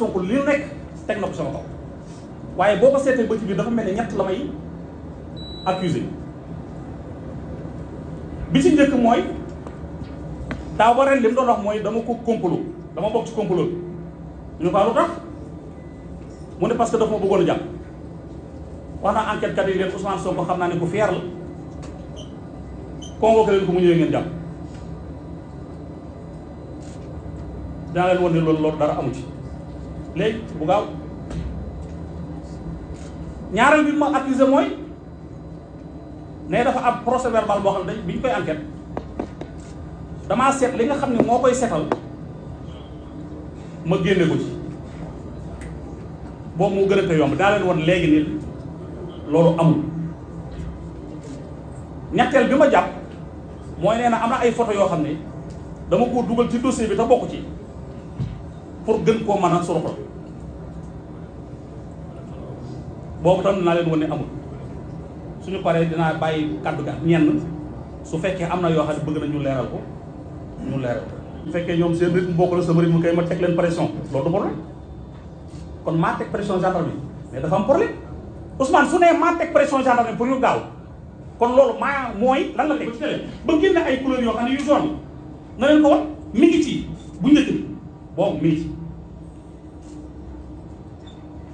Sonko li nekk teg na ko sama kaw waaye boo ko seetee ba ci biir dafa mel ne ñett la may accusé bi si njëkk mooy daaw ba ren li mu doon wax mooy dama ko complot dama bokk ci complot ñu ko ah, lu mu ne parce que dafa ma bëggoon a jàpp wax naa enquête kat yi leen Ousmane Sonko xam naa ne ku fier la convoqué ko mu ñëwee ngeen jàpp dinaa leen wan ne loolu loolu dara amu ci léegi bu gaaw ñaareel bi ma accusé mooy ne dafa am procès verbal boo xam ne bi ñu koy enquête damaa seet li nga xam ne moo koy setal ma génne ko ci boobu moo gën a ko yomb daa leen léegi nii loolu amul ñetteel bi ma jàpp mooy nee na am na ay photo yoo xam ne dama ko dugal ci dossier bi te bokk ci pour gën koo mën a suruxal boobu tam dinaa leen wane amul suñu paree dinaa bàyyi kàddu ga ñenn fekkee am na yoo xam ne bëgg na ñu ko ñu leeral ko bu fekkee ñoom seen rythme sama rythme ma teg leen pression loolu du kon maa teg pression gendarme bi mais dafa am problème Ousmane su nee maa teg pression gendarme bi pour ñu loolu maa mooy lan la ay couleurs yoo xam ne yu jaune nga ci bu njëkk bi boobu mi ci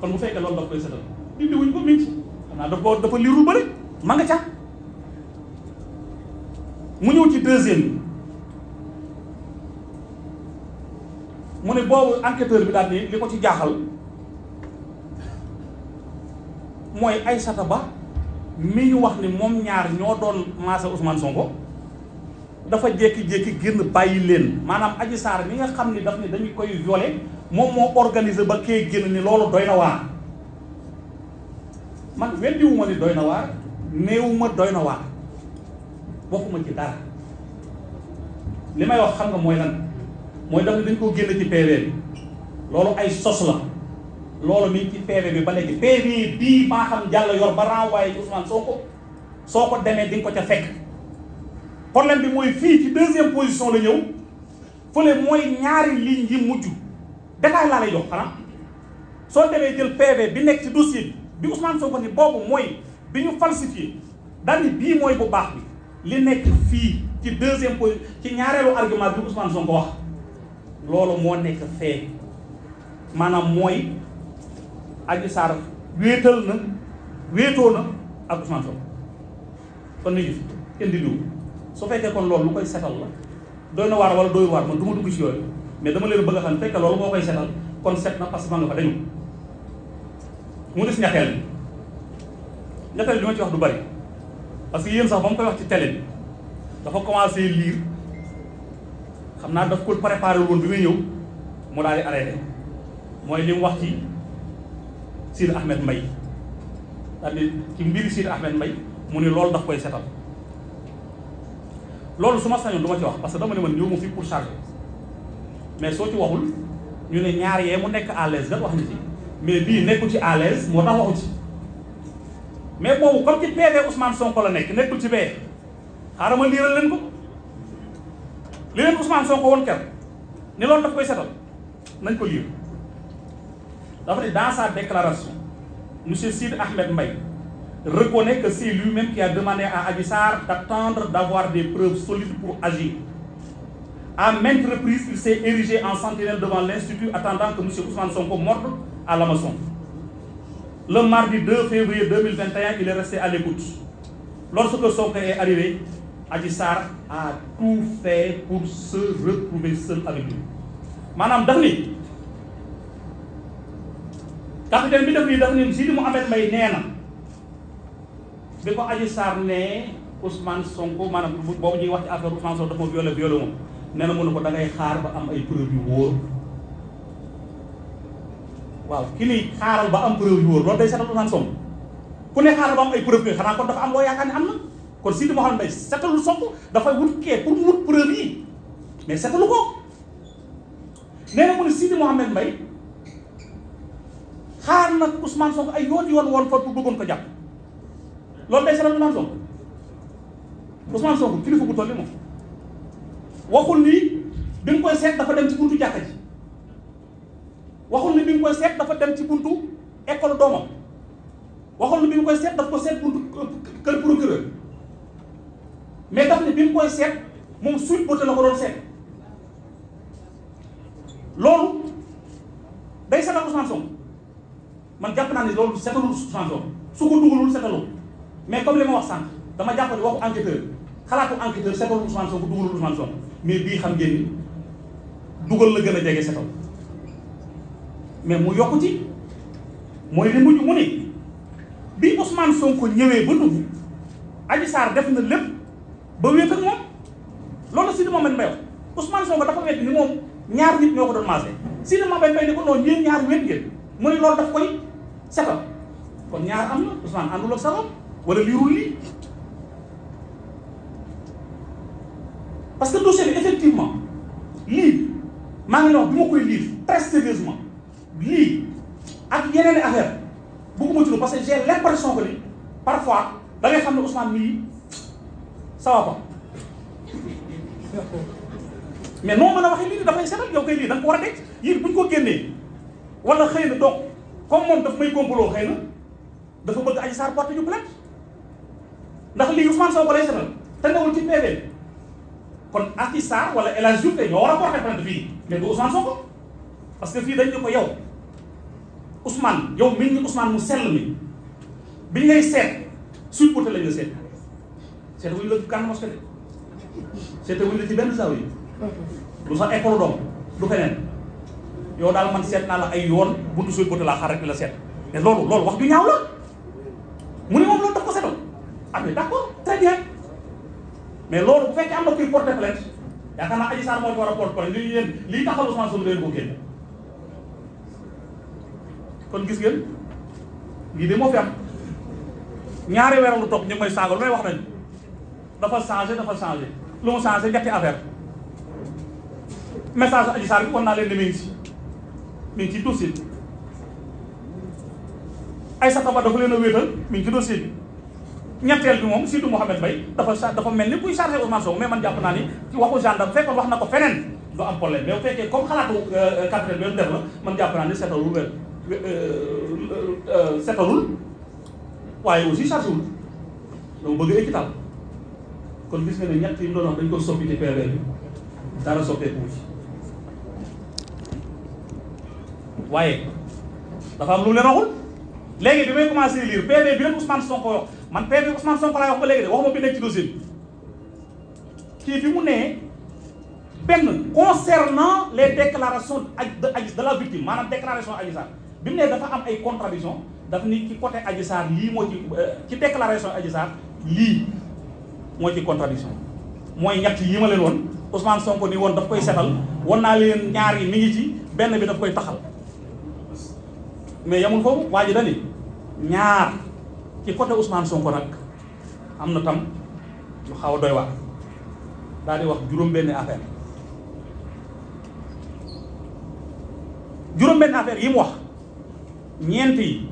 mu bu fekkee loolu daf koy setal dindi wuñ ko minc xam naa dafa dafa lirul ba rek ma nga ca mu ñëw ci deuxième bi mu ne boobu enqueteur bi daal ni li ko ci jaaxal mooy ay Aïssata Ba mi ñu wax ni moom ñaar ñoo doon maase Ousmane ko dafa jékki-jékki génn bàyyi leen maanaam Adji Sarr mi nga xam ni daf ni dañu koy violer moom moo organisé ba kee génn ni loolu doy na waar man weddiwuma ni doy na waar néewuma doy na waar waxuma ci dara li may wax xam nga mooy lan mooy daf dañ ko génn ci PV bi loolu ay sos la loolu mi ci PV bi ba léegi PV bii maa xam jàll yor ba renvoyé ci Ousmane soo ko soo ko demee di nga ko ca fekk problème bi mooy fii ci deuxième position la ñëw fële mooy ñaari ligne yi mujj détail laa lay jox xanaa soo demee jël PV bi nekk ci dossier bi bi Ousmane Sonko ni boobu mooy bi ñu falsifié daal ni bii mooy bu baax bi li nekk fii ci deuxième point ci ñaareelu argument bi Ousmane Sonko wax loolu moo nekk fee maanaam mooy Adji Sarr wéetal na wéetoo na ak Ousmane Sonko kon ni gis kenn di su fekkee kon loolu lu koy setal la doy na waar wala doy waar man du ma dugg ci yooyu mais dama leen bëgg a xam fekk loolu boo koy seetal kon seet na parce que ma nga fa dañu mu des ñaxeel bi ñaxeel bi ma ci wax du bari parce que yéen sax ba mu koy wax ci télé bi dafa commencé liir xam naa daf ko préparé woon bi muy ñëw mu daal di mooy li mu wax ci Sidi Ahmed Mbaye daal di ci mbiri Sidi Ahmed Mbaye mu ne loolu daf koy seetal loolu su ma sañoon du ma ci wax parce que dama ne man ñëw ma fii pour charger mais soo ci waxul ñu ne ñaar yee mu nekk à l'aise gat wax ci mais bii nekkul ci à l'aise moo tax waxu ci mais boobu comme ci PV Ousmane Sonko la nekk nekkul ci bee xaaral ma liiral leen ko li leen Ousmane Sonko woon ker ni loolu daf koy setal nañ ko liir dafa ne dans sa déclaration monsieur Sid Ahmed Mbaye reconnaît que c'est lui-même qui a demandé à Adji Sarr d'attendre d'avoir des preuves solides pour agir À maintes reprises, il s'est érigé en sentinelle devant l'Institut, attendant que M. Ousmane Sonko morde à l'Amazon. Le mardi 2 février 2021, il est resté à l'écoute. Lorsque Sonko est arrivé, Adissar a tout fait pour se retrouver seul avec lui. Madame Daphne, capitaine bi def nii daf ni Sidi Mouhamed Mbaye nee na bi ko Adji ne Ousmane Sonko maanaam boobu ñuy wax ci affaire Ousmane Sonko dafa ma violé violé nee na mu ne ko da ngay xaar ba am ay preuve yu wóor waaw ki xaaral ba am preuve yu wóor loolu day setal Ousmane Sonko ku ne xaaral ba am ay preuve yi xanaa kon dafa am loo yaakaar ne am na kon Sidi Mouhamed Mbaye setalul dafay wut kee pour mu wut preuve yi mais setalu ko na mu ne ay yoon yoon woon fa pour bëggoon ko jàpp loolu day bu toll nii moom. waxul ni bi nga koy seet dafa dem ci buntu jàkka ji waxul ni bi nga koy seet dafa dem ci buntu école doomam waxul ni bi nga koy seet daf ko seet buntu kër procureur mais daf ne bi nga koy seet moom suite bote la ko doon seet loolu day seetal Ousmane man jàpp naa ne loolu seetalul Ousmane Sonko su ko dugalul seetalul mais comme li ma wax sànq dama jàpp ne waxu enquêteur xalaatu enquêteur seetalul Ousmane Sonko dugalul Ousmane Sonko mais bii xam ngeen ni dugal la gën a jege setal mais mu yokku ci mooy li mujj mu ni bi Ousmane Sonko ñëwee ba dugg Adji Sarr def na lépp ba wéet ak moom loolu si dama mën may wax Ousmane Sonko dafa wéet ni moom ñaar nit ñoo ko doon maase si dama mën may ni ko noonu yéen ñaar wéet ngeen mu ne loolu daf koy setal kon ñaar am na Ousmane àndul ak sa wala liirul lii. parce que dossier bi effectivement lii maa ngi wax bi koy lire très sérieusement lii ak yeneen affaire bëgguma ci parce que j'ai l'impression que ni parfois da xam ne Ousmane mii ça va pas mais noo mën a waxee lii dafay seetal yow koy lii da ko war a denc yéen bu ñu ko génnee wala xëy na donc comme moom daf may complot xëy na dafa bëgg Adji Sarr porte ñu plainte ndax lii Ousmane Sonko lay seetal te newul ci PV kon Adji Sarr wala El Hadj Diouf ñoo war a porté plainte fii mais du Ousmane Sonko parce que fii dañ ne ko yow Ousmane yow miñ ñu Ousmane mu sell mi biñ lay seet suite porté lañ la seet seet wuñ la gànn mosquée de seet wuñ ci benn saw yi lu sax école doom du feneen ay yoon buntu suite la seet mais loolu loolu wax ju ñaaw la mu ne moom loolu daf ko seetal ah mais d'accord très mais loolu bu fekkee am na kuy porté plainte yaakaar naa Adji Sarr moo ci war a porté plainte li yéen lii taxal Ousmane Sonko leen ko génn kon gis ngeen lii de moo fi am ñaari weer lu topp ñu may saaga lu may wax nañu dafa changé dafa changé lu mu changé ñetti affaire message Adji Sarr bi kon naa leen ne mi si mi ngi ci dossier bi Aïssata Ba dafa leen a wéetal mi ngi ci dossier ñetteel bi moom Sidou Mouhamed Mbaye dafa dafa mel ni kuy chargé Ousmane Sonko mais man jàpp naa ni ci waxu gendarme fekkoon wax na ko feneen du am problème mais bu fekkee comme xalaatu capitaine euh, euh, bi def la man jàpp naa ni seetalul wér euh, seetalul waaye aussi chargé wul donc bëgg équitable kon gis nga yi ko soppi ci PV bi dara soppeeku waaye dafa am lu leen waxul léegi bi may commencé lire PV bi rek Ousmane Sonko wax man PV Ousmane Sonko laay wax ba léegi de waxuma bi nekk ci dossier bi fi mu ne benn concernant les déclarations de Adji de la victime maanaam déclaration Adji Sarr bi mu nee dafa am ay contradiction daf ni ci côté Adji Sarr lii moo ci euh, ci déclaration Adji lii moo ci contradiction mooy ñett yi ma leen woon Ousmane Sonko ni woon daf koy setal won naa leen ñaar yi mi ngi ci benn bi daf koy taxal mais yamul foofu waa ji dani ñaar ci côté Ousmane ko nag am na tam ñu xaw a doy waar daal di wax juróom benni affaire juróom-benn affaire yi mu wax ñeent yi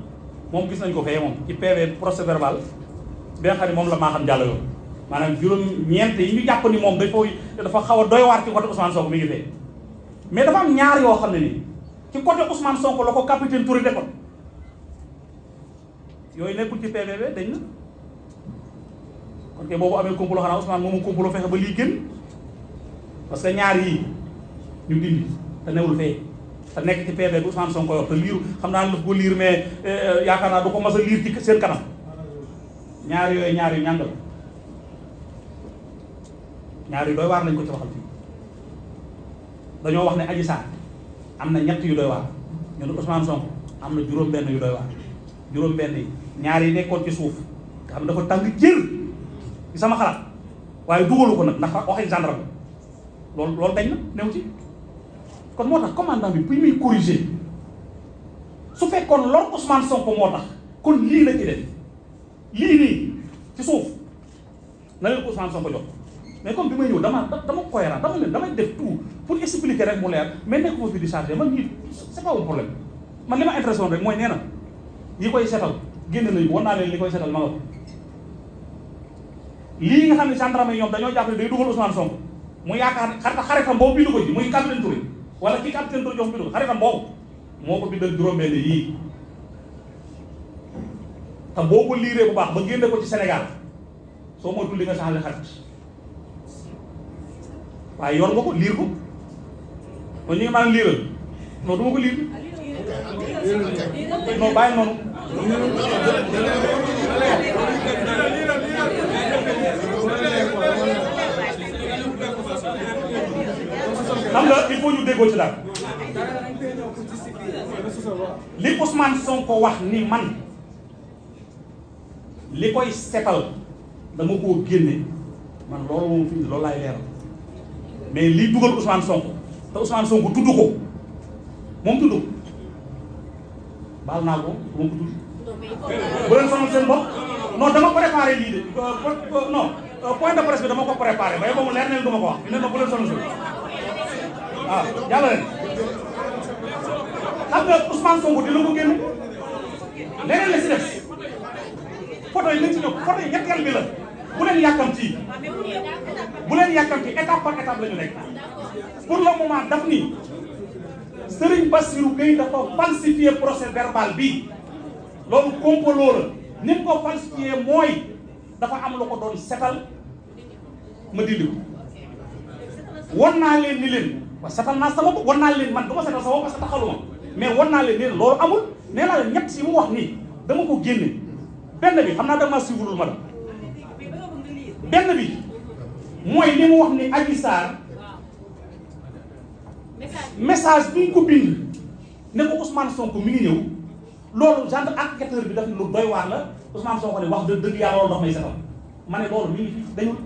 moom gis nañ ko fee moom ci PV procès verbal bi nga moom la maa xam jàll yoon maanaam juróom-ñeent yi ñu jàpp ni moom dafa dafa xaw a doy waar ci côté Ousmane Sonko mi ngi fee mais dafa am ñaar yoo xam ne nii ci côté Ousmane Sonko la ko capitaine Touré defoon yooyu nekkul ci PVB dañ na kon kay boo ko amee complot xanaa Ousmane moomu complot fexe ba lii gën parce que ñaar yii ñu dindi te newul fee te nekk ci PV bu Ousmane Sonko yor te liir xam naa daf ko liir mais eh, eh, yaakaar naa du ko mas a liir ci seen kanam ñaar yooyu ñaar yu ñàngal ñaar yu doy waar nañ ko ci waxal fii dañoo wax ne Adji Sarr am na ñett yu doy waar ñu ne Sonko am na juróom benn yu doy waar juróom-benn yi ñaar yi nekkoon ci suuf nga xam ne dafa tàng jër ci sama xalaat waaye dugalu ko nag ndax waxi gendarme loolu loolu dañ na new ci kon moo tax commandant bi bi muy corriger su fekkoon lor Ousmane Sonko moo tax kon lii la ci def lii nii ci suuf na leen ko Ousmane Sonko jox mais comme bi may ñëw leen damay def tout pour expliquer rek mu leer mais nekk foofu di chargé man ñii c'est pas un problème man li ma intéressé woon rek mooy nee na yi koy setal génne nañu ko wan naa leen li koy setal ma nga ko lii nga xam ne gendarme yi ñoom dañoo jàpp ne day dugal Ousmane Sonko mu yaakaar xarta xaritam boobu bindu ko ji muy capitaine Touré wala ki capitaine Touré jox bindu ko xaritam boobu moo ko bindal juróom-benn yii te ko liiree bu baax ba génne ko ci Sénégal soo moytuwul li nga changé xarit waaye yor nga ko liir ko kon ñu ngi maanaam liiral non du ko liir. non bàyyi noonu. xam nga il faut ñu déggoo ci daal. li Ousmane Sonko wax ni man li koy setal dama koo génne man loolu moom fi loolu laay leeral mais li dugal Ousmane Sonko te Ousmane Sonko tudd ko moom tudd baal naa ko bu ma ko tudd. bu leen sonal seen bopp non dama préparé lii de non point de presse dama ko préparé ba yow mu leer na leen du ma ko wax ne ma bu leen sonal seen waaw ah, yàlla leen xam nga Ousmane Sonko dina ko génn leneen la si def photo yi lañ si ñëw photo yi ñetteel bi la bu leen yàkkamti bu leen yàkkamti étape par étape la ñu nekk pour le moment daf nii Serigne Bassirou Gueye dafa falsifié procès verbal bi loolu complot la ni mu ko falsifié mooy dafa am lu ko doon setal ma dindi ko naa leen ni leen wa setal naa sama bopp wan naa leen man du ma setal sama bopp parce que mais wan naa leen loolu amul nee naa leen ñett yi mu wax nii dama ko génne benn bi xam naa dama suivre lu ma benn bi mooy li mu wax ni Adji Sarr message bi ñu ko bind ne ko Ousmane Sonko mi ngi ñëw loolu genre enquêteur bi daf lu doy waar la Ousmane Sonko ne wax dë dëgg yàlla loolu dox may setal ma ne loolu mi ngi fi dañul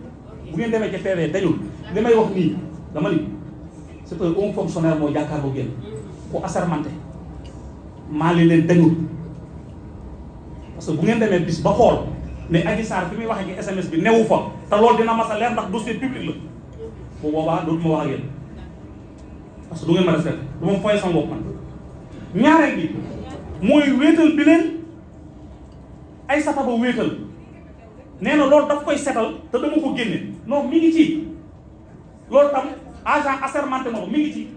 bu ngeen demee ca PV dañul li wax nii dama ni c'est un haut fonctionnaire moo jàkkaarloo génn ku assermenté maa li leen dañul parce bu ngeen demee bis ba xool ne Adji Sarr fi muy waxee ci SMS bi newu fa te loolu dina mas a leer ndax dossier public la bu boobaa dootuma wax parce que du ngeen mën a seet dama fooy sama man ñaareel bi mooy wéetal bi leen ay sataba wéetal nee na loolu daf koy setal te ma ko génne non mi ngi ci loolu tam agent assermenté na ko mi ngi ci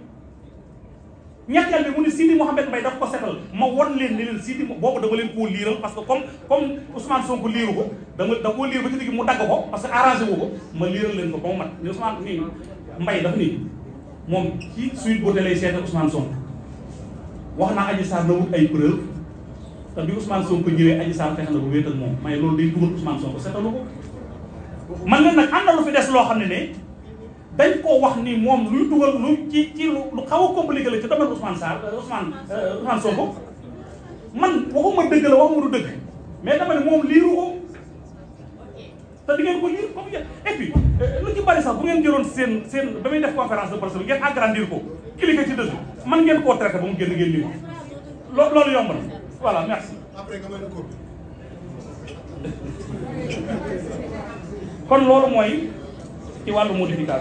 ñetteel bi mu ne Sidi Mouhamed Mbaye daf ko setal ma wan leen ne leen Sidi boobu dama leen koo liiral parce que comme comme Ousmane Sonko liiru ko dama da koo liir ba ci digg mu dagg ko parce que arrangé wu ko ma liiral leen ko ba mu mat ni Ousmane nii Mbaye moom ci Sweet Beauté lay seeta Ousmane Sonko wax naa Adji Sarr na wut ay preuve te bi Ousmane Sonko ñëwee Adji Sarr fexe na ba wéet ak moom may loolu day dugal Ousmane Sonko seetalu ko man leen nag am na lu fi des loo xam ne ne dañ koo wax ni moom luy dugal lu ci ci lu xaw a compliqué la ci domaine Ousmane Sarr euh, Ousmane euh, Ousmane Sonko man waxuma dëgg la waxuma du dëgg mais dama ne moom liiru ko te di ngeen ko lire comme yéen et puis euh, lu bu ngeen jëloon seen seen ba muy def conférence de presse bi ngeen agrandir ko cliquer ci dessous man ngeen koo traité ba mu génn ngeen lire lo loolu yomb na voilà merci. ko. kon loolu mooy ci wàllu modification.